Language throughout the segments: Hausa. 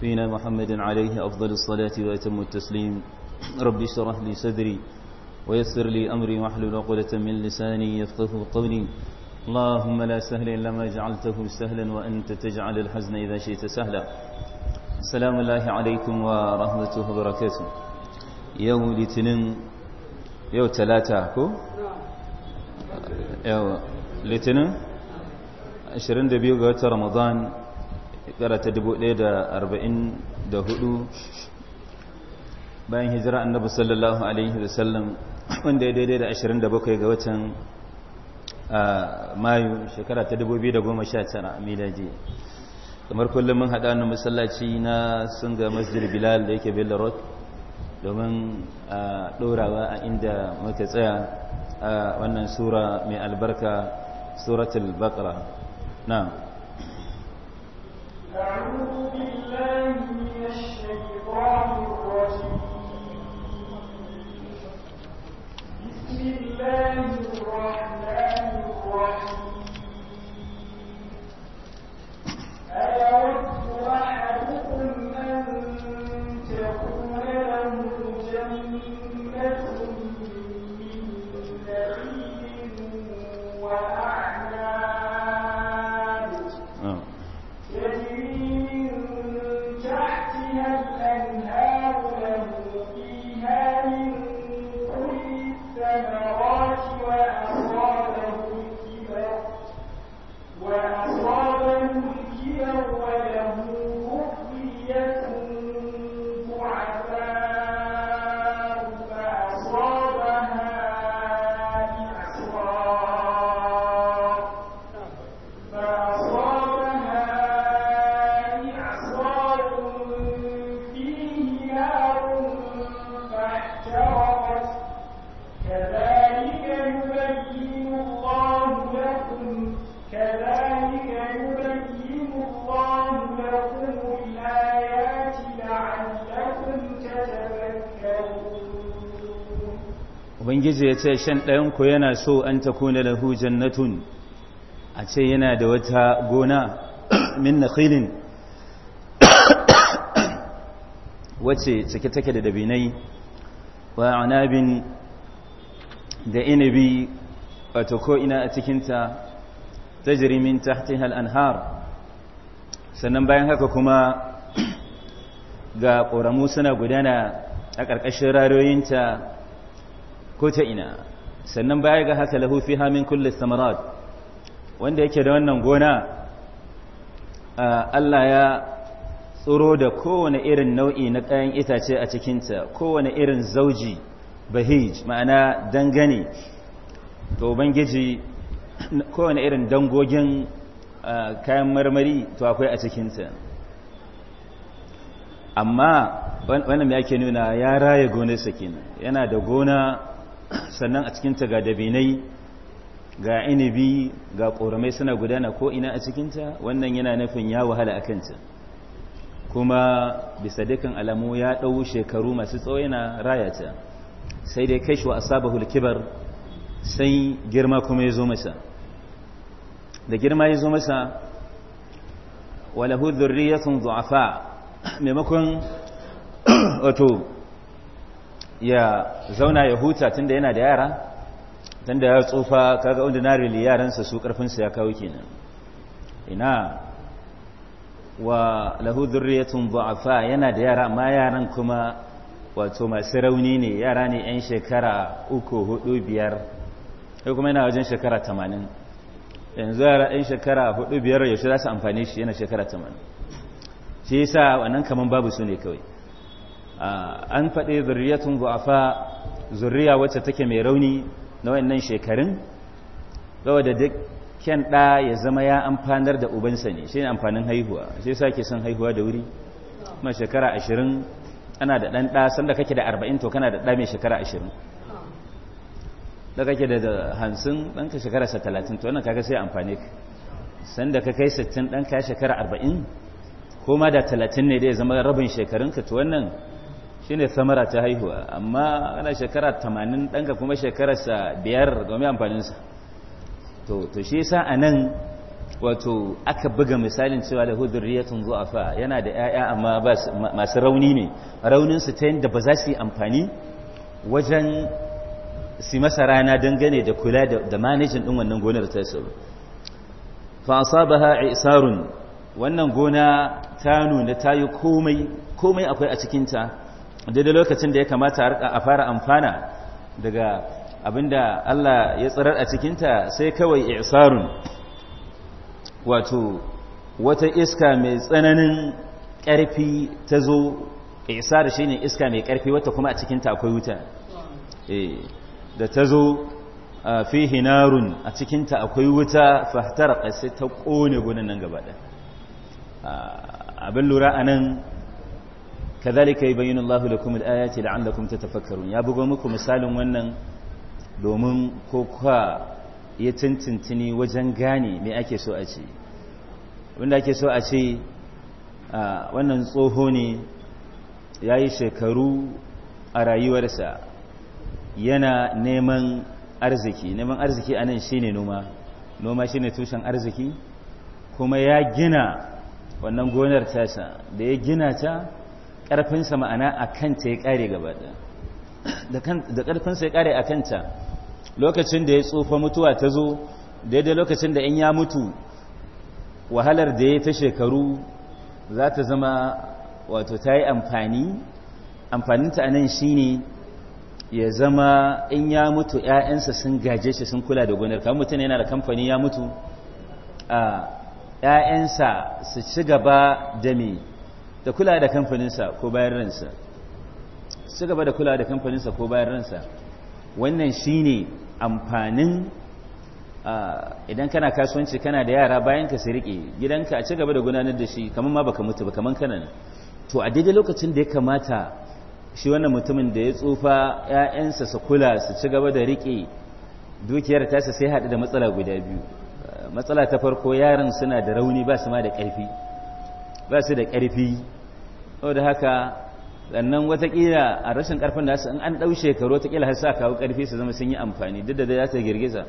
فينا محمد عليه أفضل الصلاة وأتم التسليم ربي اشرح لي صدري ويسر لي أمري واحلل عقدة من لساني يفقه قولي اللهم لا سهل إلا ما جعلته سهلا وأنت تجعل الحزن إذا شئت سهلا السلام الله عليكم ورحمته وبركاته يوم لتنم يوم ثلاثة كو نعم. يوم لتنم عشرين دبيو رمضان shekara ta bayan hijira annabi sallallahu alaihi sallam wanda ya daidai da 27 ga watan mayu shekara ta 2019 milaji kamar kullum mun haɗa wani masallaci na sun ga masjid bilal da yake bello road domin ɗorawa a inda muka tsaya a wannan sura mai albarka suratul baqara na أعوذ بالله من الشيطان الرجيم بسم الله الرحمن الرحيم أيود أحدكم أن تكون له جنة من نخيل ce shan ɗayanku yana so an ta kuna lahu jannatun a ce yana da wata gona min nakhilin wacce cike take da dabinai wa anabin da inabi wato ko'ina a cikinta ta jirimin tahtihal anhar sannan bayan haka kuma ga ƙoramu suna gudana a ƙarƙashin raroyinta ko ta ina sannan baya ga haka lahu fiha min kulli samarat wanda yake da wannan gona Allah ya tsoro da kowane irin nau'i na kayan itace a cikinta kowane irin zauji bahij ma'ana dangane to ubangiji kowane irin dangogin kayan marmari to akwai a cikinta amma wannan ya ke nuna ya raya gonar Sakin yana da gona sannan a cikinta ga dabinai ga inibi ga ƙoramai suna gudana ko ina a cikinta wannan yana nufin ya wahala a kanta kuma bisa dukkan alamu ya ɗau shekaru masu tsawo yana rayata sai dai kai shi wa saba kibar sai girma kuma ya zo masa da girma ya zo masa walahu zuwa fa maimakon wato ya zauna ya huta tunda yana da yara tunda ya tsufa kaga wanda na rili yaransa su karfinsa ya kawo kenan ina wa lahu dhurriyyatun du'afa yana da yara amma yaran kuma wato masu rauni ne yara ne yan shekara uku hudu biyar sai kuma yana wajen shekara tamanin yanzu yara yan shekara hudu biyar yaushe za su amfani shi yana shekara tamanin shi yasa wannan kaman babu su ne kawai an faɗe zurriyatun zu'afa zurriya wacce take mai rauni na wannan shekarun da duk ken ɗa ya zama ya amfanar da ubansa ne shi ne amfanin haihuwa sai sake son haihuwa da wuri kuma shekara ashirin ana da ɗan ɗa sanda kake da arba'in to kana da ɗa mai shekara ashirin da kake da hansun ɗanka shekara sa talatin to wannan kaga sai amfani ka sanda ka kai sittin ɗanka shekara arba'in ko ma da talatin ne da ya zama rabin shekarunka to wannan shine samara ta haihuwa amma ana shekara tamanin ɗanka kuma shekararsa biyar domin amfaninsa to to shi yasa anan wato aka buga misalin cewa da hudurriyatun fa yana da 'ya'ya amma masu rauni ne rauninsu su ta yadda ba za su yi amfani wajen si masa rana dangane da kula da manajin ɗin wannan gonar ta sabu fa asabaha isarun wannan gona ta nuna ta yi komai komai akwai a cikinta daidai lokacin da ya kamata a fara amfana daga abinda Allah ya tsirar a cikinta sai kawai isarun wato wata iska mai tsananin ƙarfi ta zo isar shi ne iska mai ƙarfi wata kuma a cikinta akwai wuta eh, da ta zo fi hinarun a cikinta akwai wuta fahtar sai ta ƙone gunan nan gaba abin lura a nan كذلك da الله لكم الآيات لعلكم tafakkaru ya buga muku misalin wannan domin ko kwa ya tuntuntuni wajen gane me ake so a ce wanda ake so a ce wannan tsoho ne ya yi shekaru a rayuwarsa yana neman arziki neman arziki a nan shine noma noma shine tushen arziki kuma ya gina wannan gonar tasa da ya gina ta ƙarfinsa ma'ana a kanta ya ƙare gaba da ƙarfinsa ya ƙare a kanta lokacin da ya tsufa mutuwa ta zo daidai lokacin da in ya mutu wahalar da ya ta shekaru za ta zama wato ta yi amfani amfaninta a nan shi ne ya zama in ya mutu 'ya'yansa sun gaje shi sun kula da gonar kamar mutum yana da kamfani ya mutu a ‘ya'yansa su ci gaba da mai da kula da kamfaninsa ko bayan ransa su gaba da kula da kamfaninsa ko bayan ransa wannan shine amfanin idan kana kasuwanci kana da yara bayan ka su riƙe gidanka a ci da gudanar da shi kamar ma baka mutu ba kamar kanan to a daidai lokacin da ya kamata shi wannan mutumin da ya tsufa 'ya'yansa su kula su ci gaba da riƙe dukiyar tasa sai haɗu da matsala guda biyu matsala ta farko yaran suna da rauni ba su ma da ƙarfi ba su da ƙarfi da haka sannan watakila a rashin ƙarfin da su an ɗau shekaru watakila har sa kawo ƙarfi su zama sun yi amfani duk da da ya ta girgiza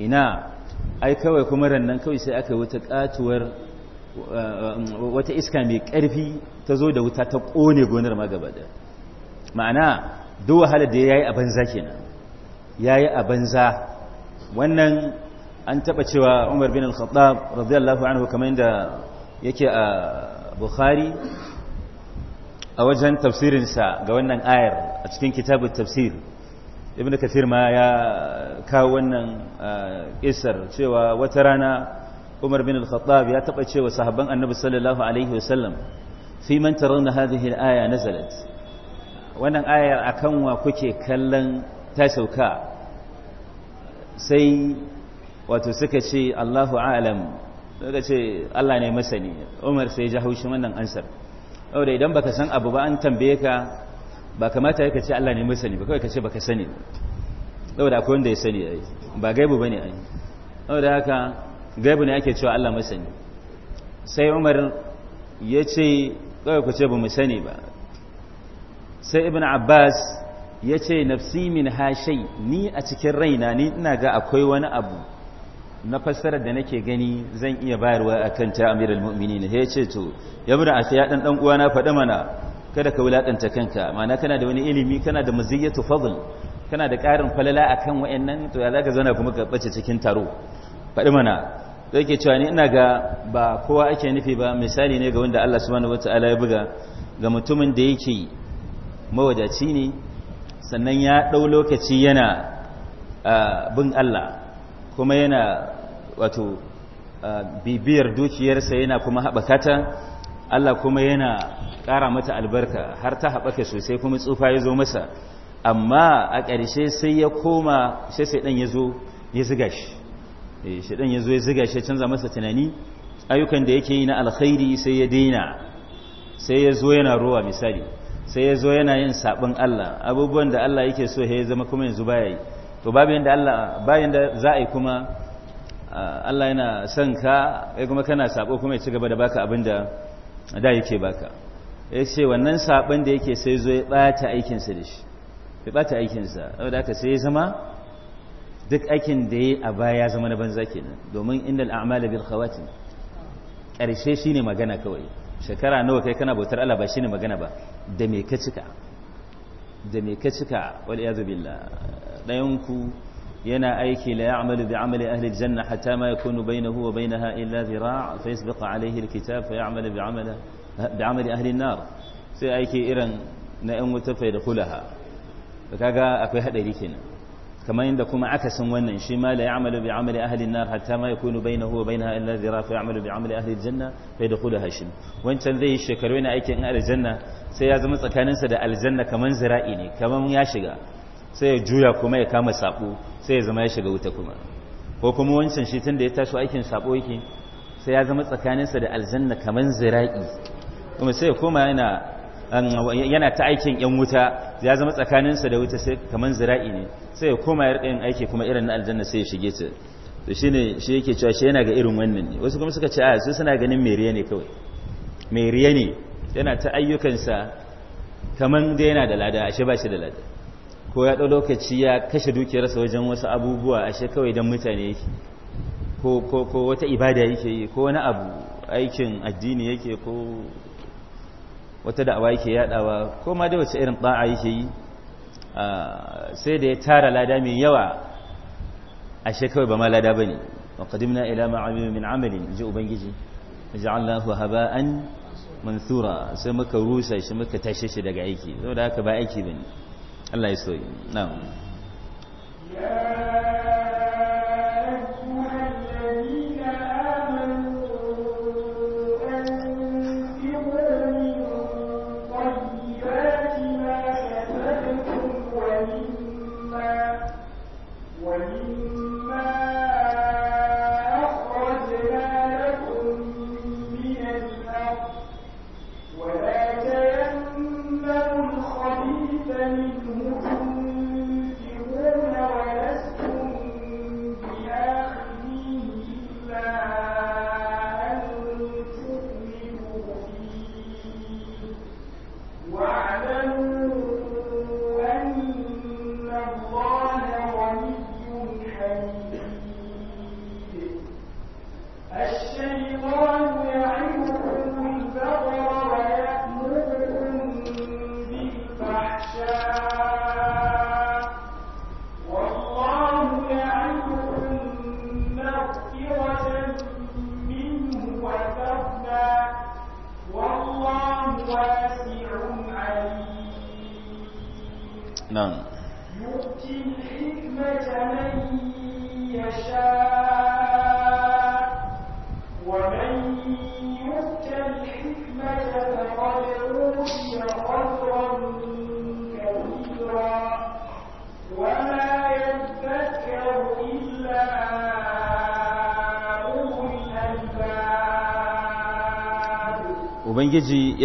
ina ai kawai kuma rannan kawai sai aka wata ƙatuwar eh, wata iska mai ƙarfi ta zo da wuta ta ƙone gonar ma gaba da ma'ana duk wahalar da ya yi a banza kenan ya yi a banza wannan an taɓa cewa umar bin al-khattab radiyallahu anhu kamar yadda yake a bukhari a wajen tafsirinsa ga wannan ayar a cikin kitabun tafsir ibn kathir ma ya kawo wannan isar cewa wata rana umar bin al-khattab ya taba cewa sahabban annabi sallallahu alaihi wasallam fi man tarawna hadhihi al-aya nazalat wannan ayar akan wa kuke kallon ta sauka sai wato suka ce Allahu a'lam daga ce Allah ne masani Umar sai ya ji haushin wannan ansar saboda idan baka san abu ba an tambaye ka ba kamata ka ce Allah ne masani ba kawai ka ce baka sani saboda akwai wanda ya sani ai ba gaibu bane ai saboda haka gaibu ne ake cewa Allah masani sai Umar ya ce kawai ku ce ba mu sani ba sai Ibn Abbas ya ce nafsi min ha shay ni a cikin raina ni ina ga akwai wani abu na fassara da nake gani zan iya bayarwa a kan ta amiral mu'minin ya ce to ya da a ya dan dan na mana kada ka wulakanta kanka mana kana da wani ilimi kana da maziyyatu fadl kana da ƙarin falala akan wayannan to ya zaka zauna kuma ka bace cikin taro faɗi mana to yake cewa ni ina ga ba kowa ake nufi ba misali ne ga wanda Allah subhanahu wataala ya buga ga mutumin da yake mawadaci ne sannan ya ɗau lokaci yana ah, bin Allah kuma yana wato bibiyar dukiyarsa yana kuma haɓaka ta Allah kuma yana ƙara mata albarka har ta haɓaka sosai kuma tsufa ya zo masa amma a ƙarshe sai ya koma sai sai ɗan ya zo ya ziga shi eh, shi ɗan ya zo ya ziga shi canza masa tunani ayyukan da yake yi na alkhairi sai ya daina sai ya zo yana rowa misali sai ya zo yana yin saɓin Allah abubuwan da Allah yake so ya zama kuma yanzu baya yi to babu yanda Allah bayan da za a yi kuma Ah, Allah yana san ka ya kuma kana sabo kuma ya ci gaba da baka abinda da yake baka ya ce wannan sabon da yake sai zo ya bata aikinsa da shi ya bata aikinsa saboda haka sai ya zama duk aikin da ya a baya ya zama na banza kenan domin inda amali bil Ƙarshe karshe shine magana kawai shekara nawa kai kana bautar Allah ba shine magana ba da me ka cika da me ka cika wal iyad billah dayan ku yana aiki la ya'malu bi amali ahli aljanna hatta ma yakunu bainahu wa bainaha illa zira' fa yasbiqu alayhi alkitab fa ya'malu bi amali bi amali ahli an-nar sai aiki irin na yan wuta fa yadkhulaha kaga akwai hadari kenan kamar inda kuma aka san wannan shi ma la ya'malu bi amali ahli an-nar hatta ma yakunu bainahu wa bainaha illa zira' fa ya'malu bi amali ahli aljanna fa yadkhulaha shi wancan zai shekaru yana aikin aljanna sai ya zama tsakaninsa da aljanna kamar zira'i ne kaman ya shiga sai ya juya kuma ya kama sabo sai ya zama ya shiga wuta kuma ko kuma wancan shi tun da ya tashi aikin sabo yake sai ya zama tsakaninsa da aljanna kaman zira'i kuma sai ya koma yana yana ta aikin yan wuta ya zama tsakaninsa da wuta sai kaman zira'i ne sai ya koma ya rikin aiki kuma irin na aljanna sai ya shige ta to shine shi yake cewa shi yana ga irin wannan ne wasu kuma suka ce a su suna ganin meriya ne kawai meriya ne yana ta ayyukansa kaman dai yana da lada ashe ba shi da lada ko ya ɗau lokaci ya kashe dukiyarsa wajen wasu abubuwa ashe kawai don mutane yake ko wata ibada yake yi ko wani abu aikin addini yake ko wata da'awa yake yadawa ko ma da wace irin ba'a yake yi sai da ya tara lada mai yawa ashe kawai ba ma lada ba wa qadimna ila ma min amalin ji ubangiji haba an mansura sai muka rusa shi muka tashe shi daga aiki saboda haka ba aiki bane Allah ya so yi. na'am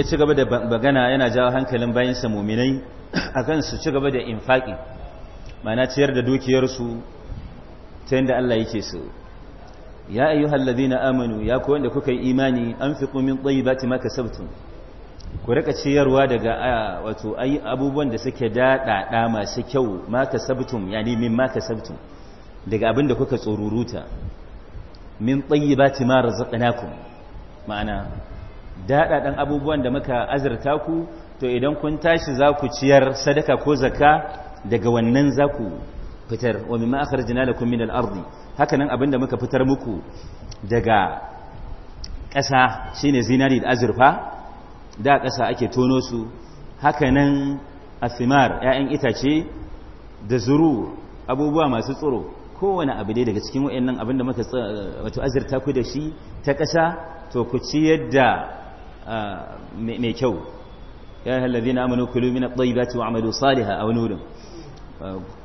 ci gaba da bagana yana jawo hankalin bayansa muminai akan su ci gaba da infaki mana ciyar da dukiyarsu ta yadda Allah yake so ya ayyuhal ladina amanu ya ku wanda kuka yi imani an fi tsayi ba tayyibati ma sabtun ku rika ciyarwa daga wato abubuwan da suke daɗaɗa masu kyau ma sabtun yani min ma sabtun daga abin da kuka tsoruruta min tsayi tayyibati ma razaqnakum ma'ana daɗaɗan abubuwan da muka azurta ku to idan kun tashi za ku ciyar sadaka ko zakka daga wannan za ku fitar wa mimma akhrajna lakum min al-ardi hakanan abinda muka fitar muku daga ƙasa shine zinari da azurfa da ƙasa ake tono su hakanan asimar ya'yan itace da zuru abubuwa masu tsoro kowane abu dai daga cikin waannan abinda muka wato azurta ku da shi ta ƙasa to ku ci yadda. mai kyau ya yi na amanu kulu min at-tayyibati wa amalu saliha aw nurun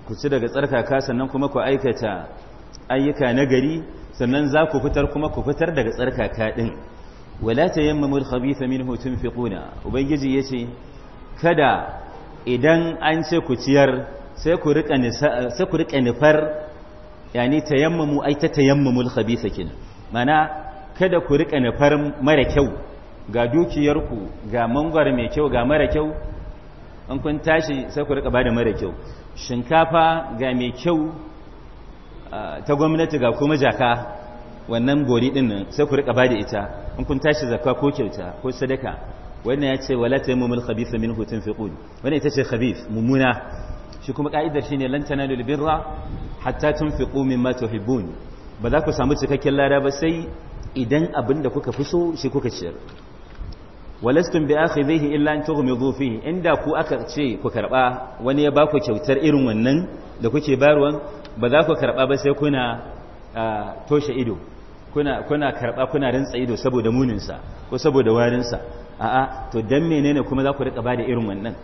ku ci daga tsarkaka sannan kuma ku aikata ayyuka nagari sannan za ku fitar kuma ku fitar daga tsarkaka ɗin wala tayammamu al-khabitha minhu tunfiquna ubangiji yace kada idan an ce ku ciyar sai ku riƙa nufar ku rika nifar tayammamu ai ta tayammamul khabitha kina mana kada ku rika nufar mara kyau ga dukiyarku ga mangwar mai kyau ga mara kyau in kun tashi sai ku rika ba da mara kyau shinkafa ga mai kyau ta gwamnati ga kuma jaka wannan gori din nan sai ku rika ba da ita in kun tashi zakka ko kyauta ko sadaka wannan ya ce wala tayammumul khabitha minhu tunfiqun wannan ita ce khabith mumuna shi kuma ka'idar shine lan tanalul birra hatta tunfiqu mimma tuhibbun ba za ku samu cikakken lada ba sai idan abin da kuka fi so shi kuka ciyar walastum bi akhidhihi illa an tughmidu fihi inda ku aka ce ku karba wani ya ba ku kyautar irin wannan da kuke barwan ba za ku karɓa ba sai kuna toshe ido kuna karɓa karba kuna rantsa ido saboda muninsa ko saboda warinsa a'a to dan menene kuma za ku rika bada irin wannan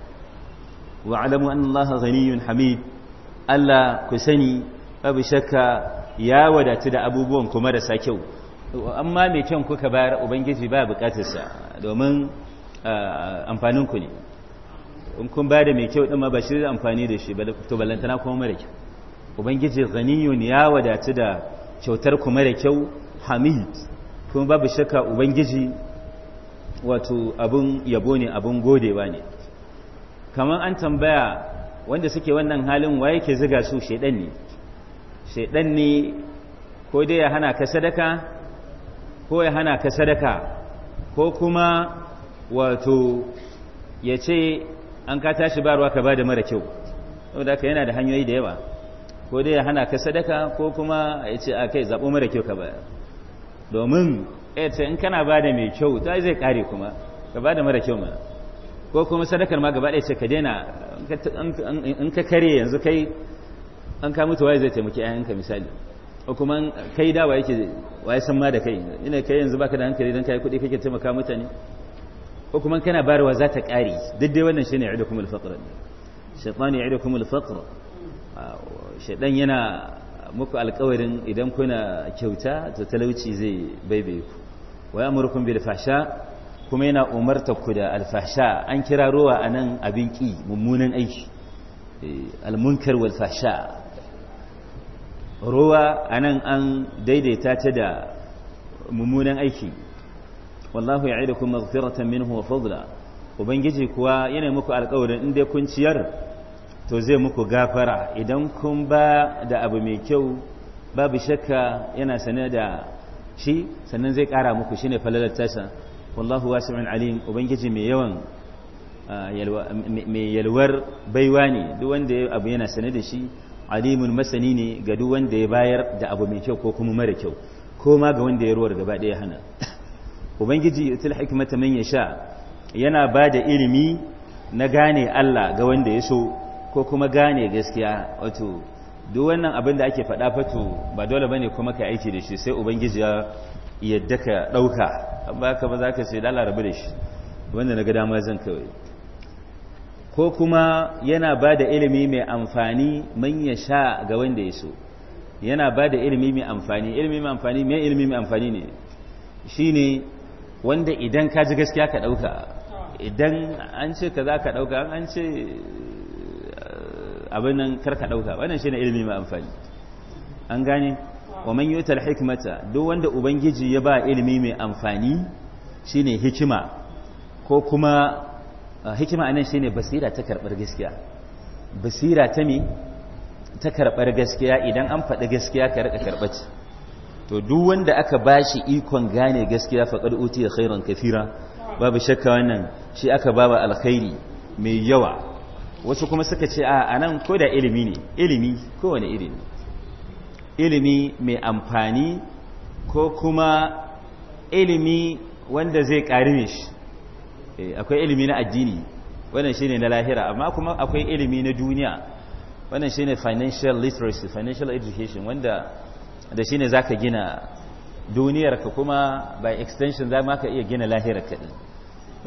wa alamu anna allaha ghaniyyun hamid Allah ku sani babu shakka ya wadatu da abubuwan kuma da kyau amma mai kyan kuka bayar ubangiji ba bukatarsa domin amfanin ne in kun ba da mai kyau ɗin ma ba shi da amfani da shi to ballantana kuma mara kyau ubangiji ghaniyun ya wadatu da kyautar ku mara kyau hamid kuma babu shakka ubangiji wato abun yabo ne abun godewa ne kamar an tambaya wanda suke wannan halin wa yake ziga su shaidan ne shaidan ne ko dai ya hana ka sadaka ko ya hana ka sadaka ko kuma wato ya ce an ka tashi barwa ka ba da mara kyau saboda haka yana da hanyoyi da yawa ko dai ya hana ka sadaka ko kuma ya ce a kai zaɓo mara kyau ka ba domin ya ce in kana ba da mai kyau ta zai kare kuma ka ba da mara kyau ma ko kuma sadakar ma gaba ɗaya ce ka daina in ka kare yanzu kai an ka mutuwa zai taimaki ayyanka misali kuma kai da waye ke waye san ma da kai ina kai yanzu baka da hankali dan kai kuɗi kake taimaka mutane ko kuma kana barwa za ta ƙari duk dai wannan shine ya'idukum al-faqr shaytan ya'idukum al-faqr ah, shaytan yana muku alƙawarin idan kuna kyauta to talauci zai baibaye ku wa ya'murukum bil fahsha kuma yana umarta ku da al-fahsha an kira ruwa anan abin ki mummunan aiki eh, al-munkar wal fahsha ruwa a nan an daidaita ta da mummunan aiki wallahu ya da kuma zafiratan minhu wa fadla ubangiji kuwa yana muku alkawarin inda kun ciyar to zai muku gafara idan kun ba da abu mai kyau babu shakka yana sane da shi sannan zai kara muku ne falalar tasa wallahu min alim ubangiji mai yawan ah, mai yalwar baiwa ne duk wanda abu yana sane da shi alimun masani ne ga duk wanda ya bayar da abu mai kyau ko kuma mara kyau ko ma ga wanda ya ruwar gaba ɗaya hana ubangiji til hikmata man yasha yana ba da ilimi na gane Allah ga wanda ya so ko kuma gane gaskiya wato duk wannan abin da ake faɗa fato ba dole bane kuma ka aiki da shi sai ubangiji ya yadda ka ɗauka ba ka ba za ka sai da Allah rabu da shi wanda na ga dama zan kawai ko kuma yana ba da ilimi mai amfani man ya sha ga wanda ya so yana ba da ilimi mai amfani ilimi mai amfani mai ilimi mai amfani ne shi ne wanda idan ka ji gaskiya ka ɗauka idan an ce ka za ka ɗauka an ce eh, abin nan kar ka ɗauka wannan shi ne ilimi mai amfani an gane wa man yutal hikmata duk wanda ubangiji ya ba ilimi mai amfani shine hikima ko kuma Ah, hikima anan shine basira ta karbar gaskiya basira ta me ta karbar gaskiya idan an faɗi gaskiya ka rika karbaci to duk wanda aka bashi ikon gane gaskiya faqad utiya khairan kafira babu shakka wannan shi aka baba alkhairi mai yawa wasu kuma suka ce a anan ko da ilimi ne ilimi kowane ilimi ilimi mai amfani ko kuma ilimi wanda zai ƙari shi Eh, akwai ilimi na addini wannan shine na lahira amma kuma akwai ilimi na duniya wannan shine financial literacy financial education wanda da shine zaka gina duniyarka kuma by extension za ma ka iya gina lahirarka din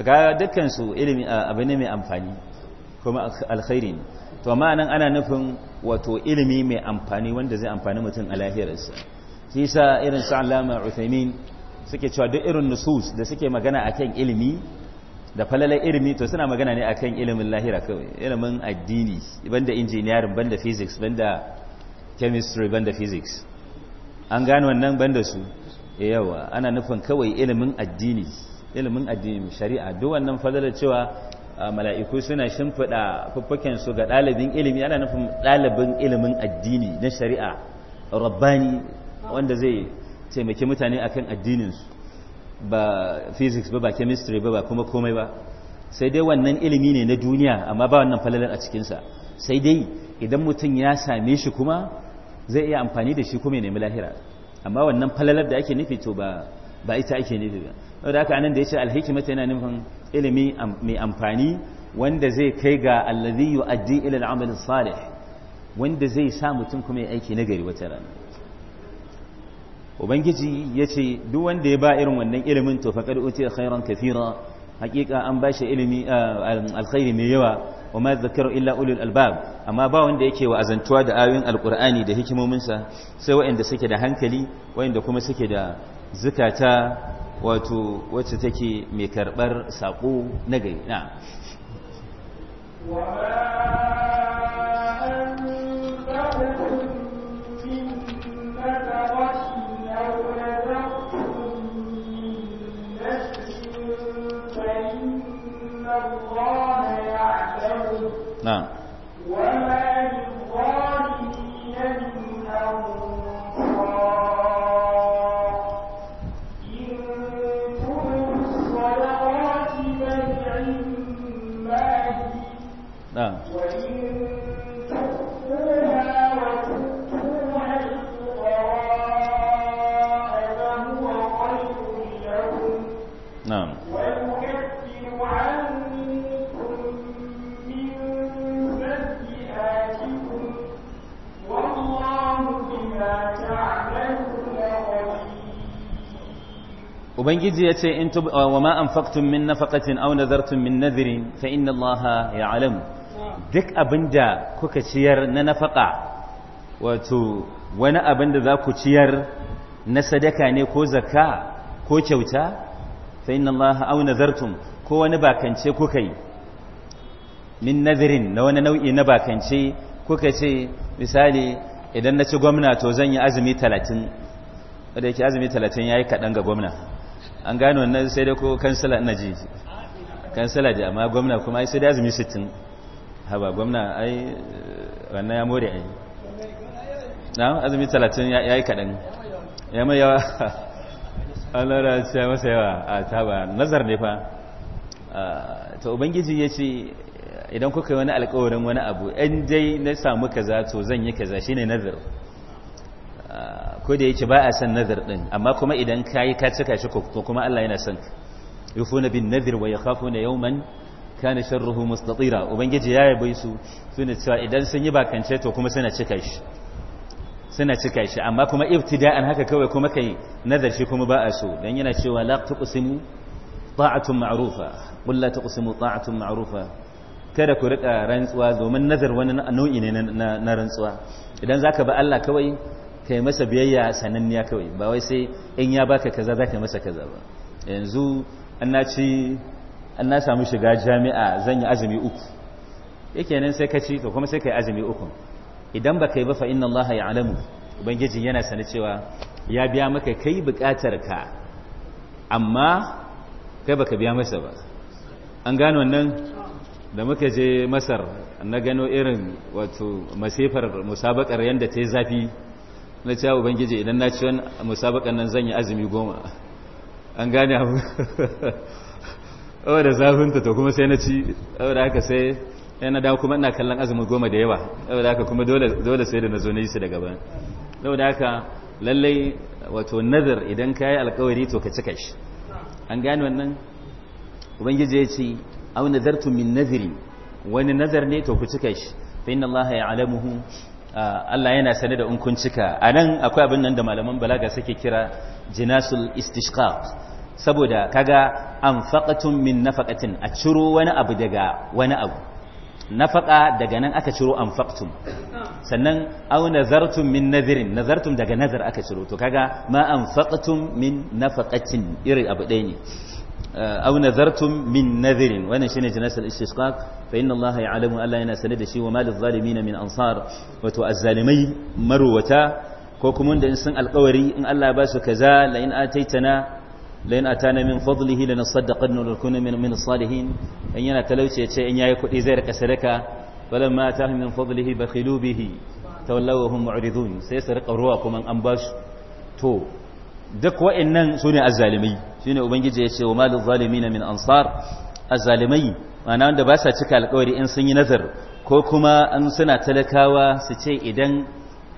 ga dukkan su ilimi abin ne mai amfani kuma alkhairi to amma nan ana nufin wato ilimi mai amfani wanda zai amfani mutum a lahirarsa shi sa irin sa'alama Allama suke cewa duk irin nusus da suke magana a kan ilimi da falalar ilimi to suna magana ne akan ilimin lahira kawai ilimin addini banda engineering banda physics banda chemistry banda physics an gano wannan banda su eh, yawa ana nufin kawai ilimin addini ilimin addini shari'a duk wannan falalar cewa ah, mala'iku suna shimfiɗa fuffuken su ga ɗalibin ilimi ana nufin ɗalibin ilimin addini na shari'a rabbani wanda zai taimaki mutane akan addininsu ba physics ba ba chemistry ba ba kuma komai ba sai dai wannan ilimi ne na duniya amma ba wannan falalar a cikinsa sai dai idan mutum ya same shi kuma zai iya amfani da shi kuma ya nemi lahira amma wannan falalar da ake nufi to ba ita ake nufi ba da haka anan da ya ce alhikimata yana nufin ilimi mai amfani wanda zai kai ga allazi yu'addi ila al salih wanda zai sa mutum kuma ya aiki nagari wata rana ubangiji ya ce duk wanda ya ba irin wannan ilimin to faƙar uce khairan kafira hakika an ba shi ilimi alkhairi mai yawa wa ma zakaru illa ulul albab amma ba wanda yake wa azantuwa da ayoyin alqur'ani da hikimominsa sai waɗanda suke da hankali waɗanda kuma suke da zukata wato wacce take mai karɓar saƙo na gari na نعم ubangiji ya ce in wa ma anfaqtum min nafaqatin aw nadartum min nadhrin fa inna allaha ya'lamu duk abinda kuka ciyar na nafaqa wato wani abin da za ku ciyar na sadaka ne ko zakka ko kyauta fa inna allaha aw nadartum ko wani bakance kuka yi min nadhirin na wani nau'i na bakance kuka ce misali idan na ci gwamna to zan yi azumi talatin da yake azumi talatin ya yi kaɗan ga gwamna an gane wannan sai dai ko kansila ina ji kansila ji amma gwamna kuma ai sai da azumi 60 haba gwamna ai eh, wannan ya more ai na azumi 30 ya yi kaɗan ya mai yawa alara ya masa yawa a taba nazar ne fa ta ubangiji ya ce idan kuka yi wani alkawarin wani abu yan dai na samu kaza to zan yi kaza shine nazar ko da yake ba a san nazar din amma kuma idan kayi ka cika shi to kuma Allah yana son ka yufuna bin nadhir wa yakhafuna yawman kana sharruhu mustatira ubangiji ya yabe su suna cewa idan sun yi bakance to kuma suna cika shi suna cika shi amma kuma ibtida'an haka kawai kuma kai nazar shi kuma ba a so dan yana cewa la tuqsimu ta'atun ma'rufa qul la tuqsimu ta'atun ma'rufa kada ku rika rantsuwa domin nazar wani nau'i ne na rantsuwa idan zaka ba Allah kawai kai masa biyayya sananniya kawai ba wai sai in ya baka kaza za masa kaza ba yanzu an na ci an na samu shiga jami'a zan yi azumi uku yake nan sai ka ci to kuma sai ka azumi uku idan ba kai ba fa inna allaha ya'lamu ubangiji yana sani cewa ya biya maka kai bukatar ka amma kai baka biya masa ba an gano nan da muka je masar na gano irin wato masifar musabakar yadda ta yi zafi na cewa ubangiji idan na ci wani musabakan nan zan yi azumi goma an gane abu awa da zafinta to kuma sai na ci awa da haka sai yana dawo kuma ina kallon azumi goma da yawa awa da haka kuma dole sai da na zo na yi su daga ban awa da haka lallai wato nazar idan ka yi alkawari to ka cika shi an gane wannan ubangiji ya ce au nazartu min nazari wani nazar ne to ku cika shi fa inna allaha ya'lamuhu Ah, Allah yana sane da unkuncika a nan akwai abin nan da malaman balaga suke kira jinasul istishqaq saboda kaga anfaqatun min nafaqatin a ciro wani abu daga wani abu nafaqa daga nan aka ciro anfaqtum sannan aw nazartum min nadhirin nazartum daga nazar aka ciro to kaga ma anfaqtum min nafaqatin iri abu ɗaya ne Auna nazartum min nadhirin wannan shine jinasal istishqaq fa inna allaha ya'lamu ala yana sanar da shi wa malil zalimin min ansar wato azzalimai maruwata ko kuma wanda in sun alƙawari in Allah ya ba su kaza la in ataitana la in atana min fadlihi la nasaddaqan wa nakuna min min salihin in yana talauci ya ce in yayi kuɗi zai rika sadaka falamma atahum min fadlihi bakhilu bihi tawallaw hum mu'ridun sai su rika ruwa kuma an ba su to duk wa'annan su ne azzalimai shi ne ubangiji ya ce wa malin zalimi na min ansar azzalimai mana wanda ba sa cika alkawari in sun yi nazar ko kuma an suna talakawa su ce idan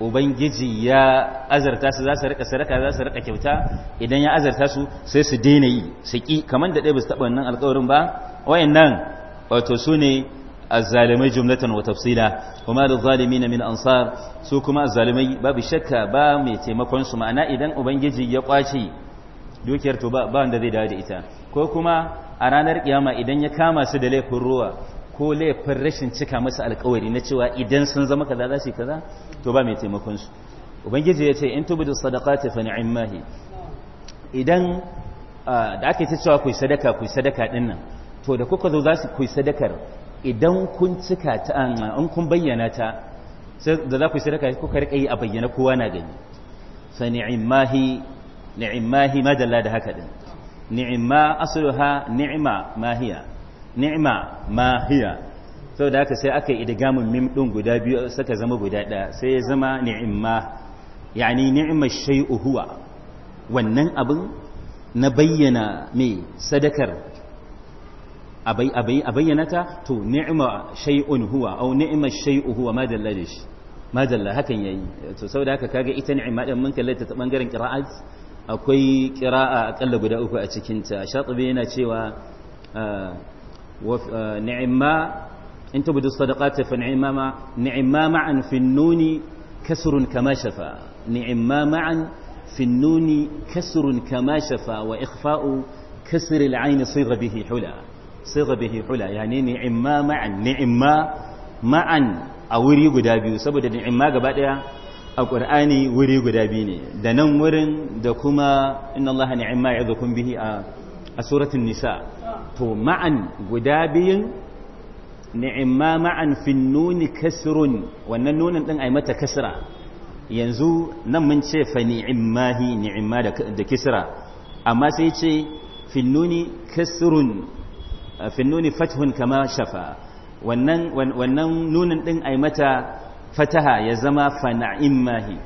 ubangiji ya azarta su za su rika saraka za su rika kyauta idan ya azarta su sai su daina yi su ki kamar da ɗaya ba su taɓa wannan alkawarin ba wa'annan wato su ne الظالمي جملة وتفصيلا وما للظالمين من أنصار سوكما الظالمي باب شكا با ميتي مكونس معنا إذن أبنجي يقاشي dukiyar to ba wanda zai dawo da ita ko kuma a ranar kiyama idan ya kama su da laifin ruwa ko laifin rashin cika masa alkawari na cewa idan sun zama kaza za su kaza to ba mai taimakon su ubangiji yace ce in tubudu sadaqati fa ni'mahi idan da ake ta cewa ku sadaka ku sadaka dinnan to da kuka zo za su ku sadakar idan kun cika ta an kun bayyana ta da za ku ka ku karka yi a bayyana kowa na gani fa ni'immahi ni'immahi madalla da haka din ni'imma asluha ni'ma mahiya ni'ma mahiya da haka sai aka yi idgamin mim din guda biyu saka zama guda daya sai ya zama ni'imma yani ni'ma shay'u huwa wannan abin na bayyana mai sadakar أبي أبي أبينتا تو نعمة شيء هو أو نعمة شيء هو ما دلليش ما دلل هكين يي يعني. تو سو ذاك كاجي إتنعم ما من كلا تتمن قرن قراءة أو كوي قراءة أقل بدأ هو أتكنت شاط بينا شيء آه، وف آه، نعمة أنت بدو صدقات فنعمة ما نعمة معا في النون كسر كما شفا نعمة معا في النون كسر كما شفا وإخفاء كسر العين صيغ به حلا siga bihi hula yani ni'imma ma'an ni'imma ma'an a wuri guda biyu saboda ni'imma gaba daya a qur'ani wuri guda biyu ne da nan wurin da kuma inna allaha ni'imma ya'idhukum bihi a a suratul nisa to ma'an guda biyun ni'imma ma'an fin nuni kasrun wannan nunin din ai mata kasra yanzu nan mun ce fa ni'immahi ni'imma da kisra amma sai ce fin nuni kasrun fin nuni fathun kama shafa wannan wannan nunin din ai mata fataha ya zama fa na'immahi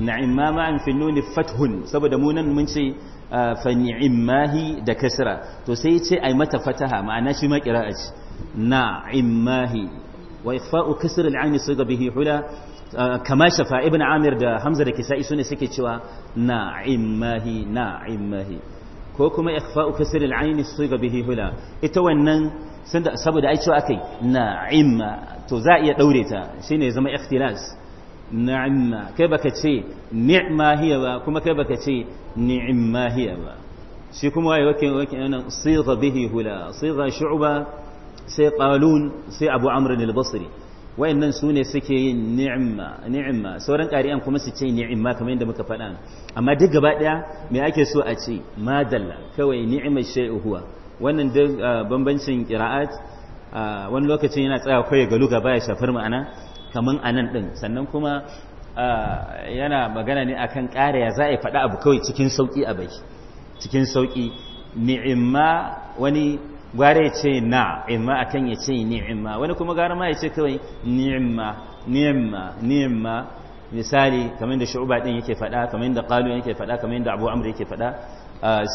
na'imma ma'an fin nuni fathun saboda munan nan mun ce ah, fa ni'immahi da kasra to sai ce ai mata fataha ma'ana shi ma qira'a ce na'immahi wa ikhfa'u kasr al-'ain siga bihi hula ah, kama shafa ibn amir da hamza da kisa'i sune suke cewa na'immahi na'immahi ko kuma ikhfa'u kasr al-ayn siga bihi hula ita wannan sanda saboda ai cewa akai na'imma to za iya daure ta shine zama ikhtilas na'imma kai baka ce ni'ma hiya ba kuma kai baka ce ni'imma hiya ba shi kuma waye wake wake nan siga bihi hula siga shu'ba sai qalun sai abu amr al-basri wayannan su ne suke yin ni'ima ni'ima sauran ƙari'an kuma su ce ni'ima kamar yadda muka faɗa amma duk gaba ɗaya me ake so a ce madalla kawai ni'ima shay'u huwa wannan duk ah, bambancin qira'at ah, wani lokacin yana tsaya kai ga luga baya shafar ma'ana kaman anan din sannan kuma ah, yana magana ne akan ƙara ya za a faɗa abu kawai cikin sauƙi a bai cikin sauƙi ni'ima wani gware ya ce na imma akan ya ce ni'imma wani kuma gara ma ya ce kawai ni'imma ni'imma ni'imma misali kamar da shu'ba din yake faɗa kamar da qalu yake faɗa kamar da abu amr yake faɗa